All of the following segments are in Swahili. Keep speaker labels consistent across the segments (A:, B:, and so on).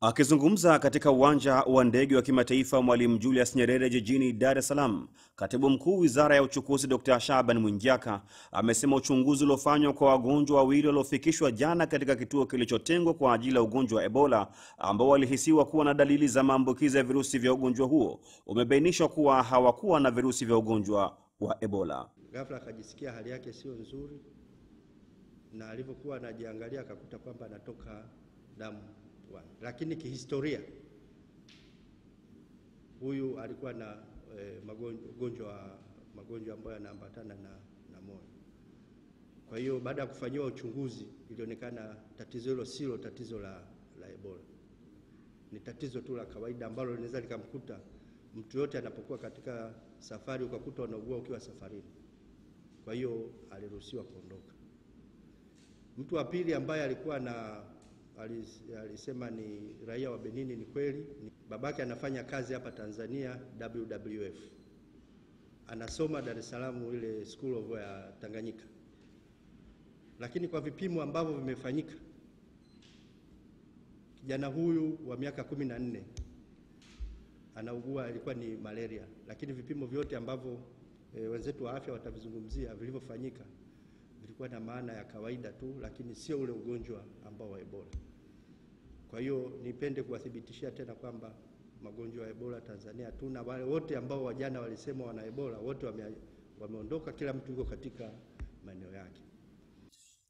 A: Akizungumza katika uwanja wa ndege wa kimataifa Mwalimu Julius Nyerere jijini Dar es Salaam, katibu mkuu wizara ya uchukuzi Dr Shaban mwinjaka amesema uchunguzi uliofanywa kwa wagonjwa wawili waliofikishwa jana katika kituo kilichotengwa kwa ajili ya ugonjwa wa Ebola ambao walihisiwa kuwa na dalili za maambukizi ya virusi vya ugonjwa huo umebainishwa kuwa hawakuwa na virusi vya ugonjwa wa Ebola.
B: Ghafla akajisikia hali yake sio nzuri, na alivyokuwa anajiangalia akakuta kwamba anatoka damu One. Lakini kihistoria huyu alikuwa na eh, magonjwa magonjwa ambayo yanaambatana na, na moyo. Kwa hiyo baada ya kufanyiwa uchunguzi ilionekana tatizo hilo silo tatizo la, la Ebola, ni tatizo tu la kawaida ambalo linaweza likamkuta mtu yote anapokuwa katika safari, ukakuta unaugua ukiwa safarini. Kwa hiyo aliruhusiwa kuondoka. Mtu wa pili ambaye alikuwa na alisema ni raia wa Benini. Ni kweli, babake anafanya kazi hapa Tanzania WWF, anasoma Dar es Salaam ile School of ya Tanganyika, lakini kwa vipimo ambavyo vimefanyika, kijana huyu wa miaka kumi na nne anaugua alikuwa ni malaria, lakini vipimo vyote ambavyo e, wenzetu wa afya watavizungumzia vilivyofanyika vilikuwa na maana ya kawaida tu, lakini sio ule ugonjwa ambao wa Ebola. Kwa hiyo nipende kuwathibitishia tena kwamba magonjwa ya Ebola Tanzania tuna Wale wote ambao wajana walisema wana Ebola wote wame, wameondoka, kila mtu yuko katika maeneo yake.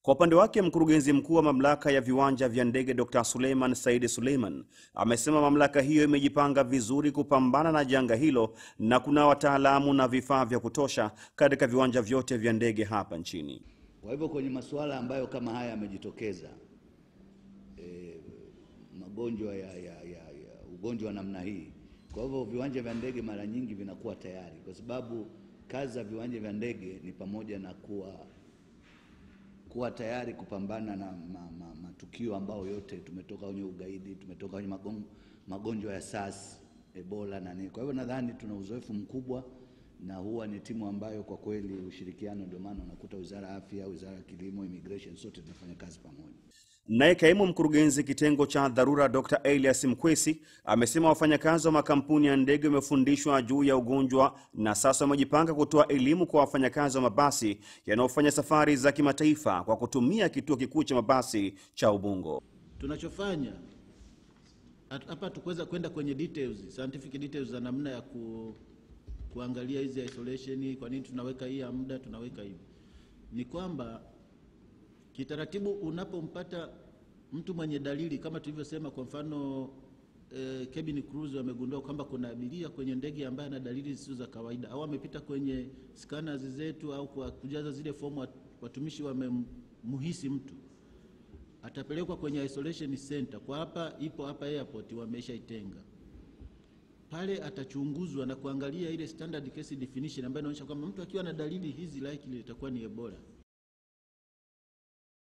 A: Kwa upande wake mkurugenzi mkuu wa mamlaka ya viwanja vya ndege Dr. Suleiman Said Suleiman amesema mamlaka hiyo imejipanga vizuri kupambana na janga hilo na kuna wataalamu na vifaa vya kutosha katika viwanja vyote vya ndege hapa nchini.
C: Kwa hivyo kwenye masuala ambayo kama haya yamejitokeza magonjwa ya, ya, ya, ya ugonjwa wa namna hii. Kwa hivyo viwanja vya ndege mara nyingi vinakuwa tayari, kwa sababu kazi za viwanja vya ndege ni pamoja na kuwa kuwa tayari kupambana na matukio ambayo yote, tumetoka kwenye ugaidi, tumetoka kwenye magonjwa ya SARS, Ebola na nini. Kwa hivyo nadhani tuna uzoefu mkubwa na huwa ni timu ambayo kwa kweli ushirikiano, ndio maana unakuta wizara ya afya, wizara ya kilimo, immigration, sote tunafanya kazi pamoja.
A: Naye kaimu mkurugenzi kitengo cha dharura Dr. Elias Mkwesi amesema wafanyakazi wa makampuni ya ndege wamefundishwa juu ya ugonjwa na sasa wamejipanga kutoa elimu kwa wafanyakazi wa mabasi yanayofanya safari za kimataifa kwa kutumia kituo kikuu cha mabasi cha Ubungo.
D: Tunachofanya hapa tukuweza kwenda kwenye details, scientific details za namna ya ku kuangalia hizi isolation, kwa nini tunaweka hii ya muda, tunaweka hivi, ni kwamba kitaratibu unapompata mtu mwenye dalili kama tulivyosema, kwa mfano e, eh, cabin crew wamegundua kwamba kuna abiria kwenye ndege ambaye ana dalili zisizo za kawaida, au amepita kwenye scanners zetu au kwa kujaza zile fomu, watumishi wamemuhisi mtu, atapelekwa kwenye isolation center. Kwa hapa ipo hapa airport, itenga pale atachunguzwa na kuangalia ile standard case definition ambayo inaonyesha kwamba mtu akiwa na dalili hizi likely itakuwa ni Ebola.